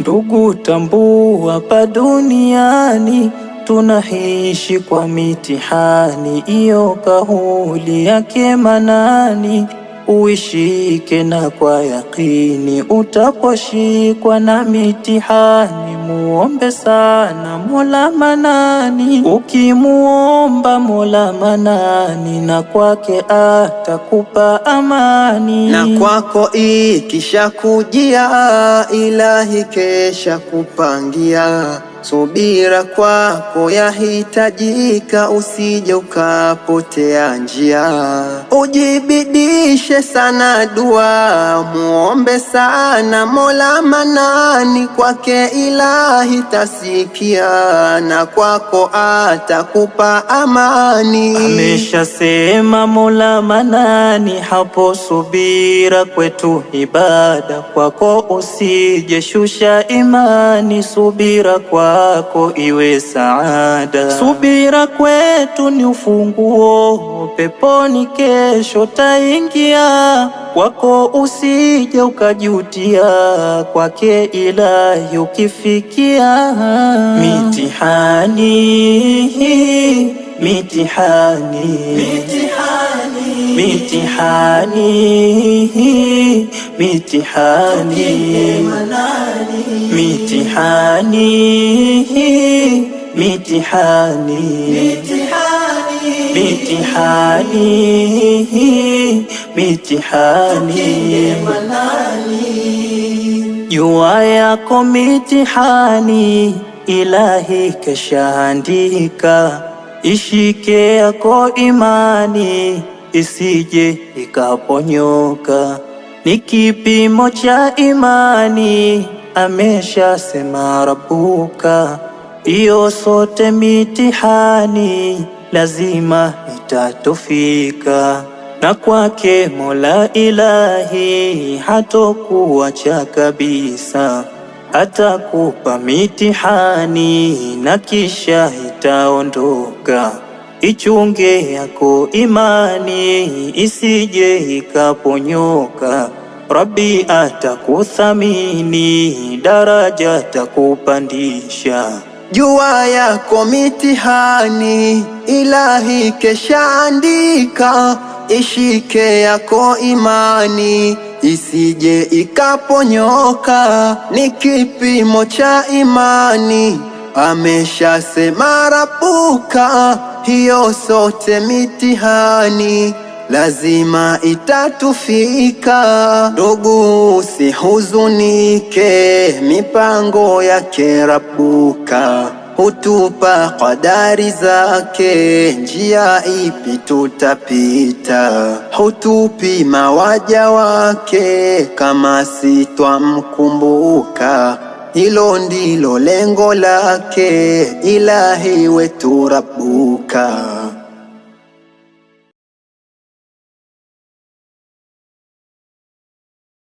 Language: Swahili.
Ndugu, tambua pa duniani tunaishi kwa mitihani, iyo kauli yake Manani uishike na kwa yakini, utaposhikwa na mitihani muombe sana Mola Manani. Ukimuomba Mola Manani na kwake atakupa amani, na kwako ikisha kujia ilahi kesha kupangia subira kwako yahitajika, usije ukapotea njia. Ujibidishe sana dua, muombe sana Mola Manani, kwake ilahi tasikia na kwako atakupa amani. Ameshasema Mola Manani hapo, subira kwetu ibada, kwako usije shusha imani, subira kwa kwako iwe saada. Subira kwetu ni ufunguo, peponi kesho taingia. Kwako usije ukajutia, kwake ilahi ukifikia. Mitihani, mitihani, mitihani, mitihani mitihani, mitihani, mitihani, mitihani, mitihani jua yako mitihani, Ilahi kashaandika, ishike yako imani isije ikaponyoka ni kipimo cha imani, ameshasema rabuka Iyo sote mitihani, lazima itatufika, na kwake Mola Ilahi hatokuacha kabisa. Atakupa mitihani na kisha itaondoka. Ichunge yako imani isije ikaponyoka, Rabbi atakuthamini, daraja atakupandisha. Jua yako mitihani, Ilahi kesha andika, ishike yako imani isije ikaponyoka, ni kipimo cha imani sema rabuka, hiyo sote mitihani lazima itatufika. Ndugu usihuzunike, mipango yake rabuka hutupa kadari zake, njia ipi tutapita? Hutupi mawaja wake, kama sitwamkumbuka hilo ndilo lengo lake, ilahi wetu rabuka.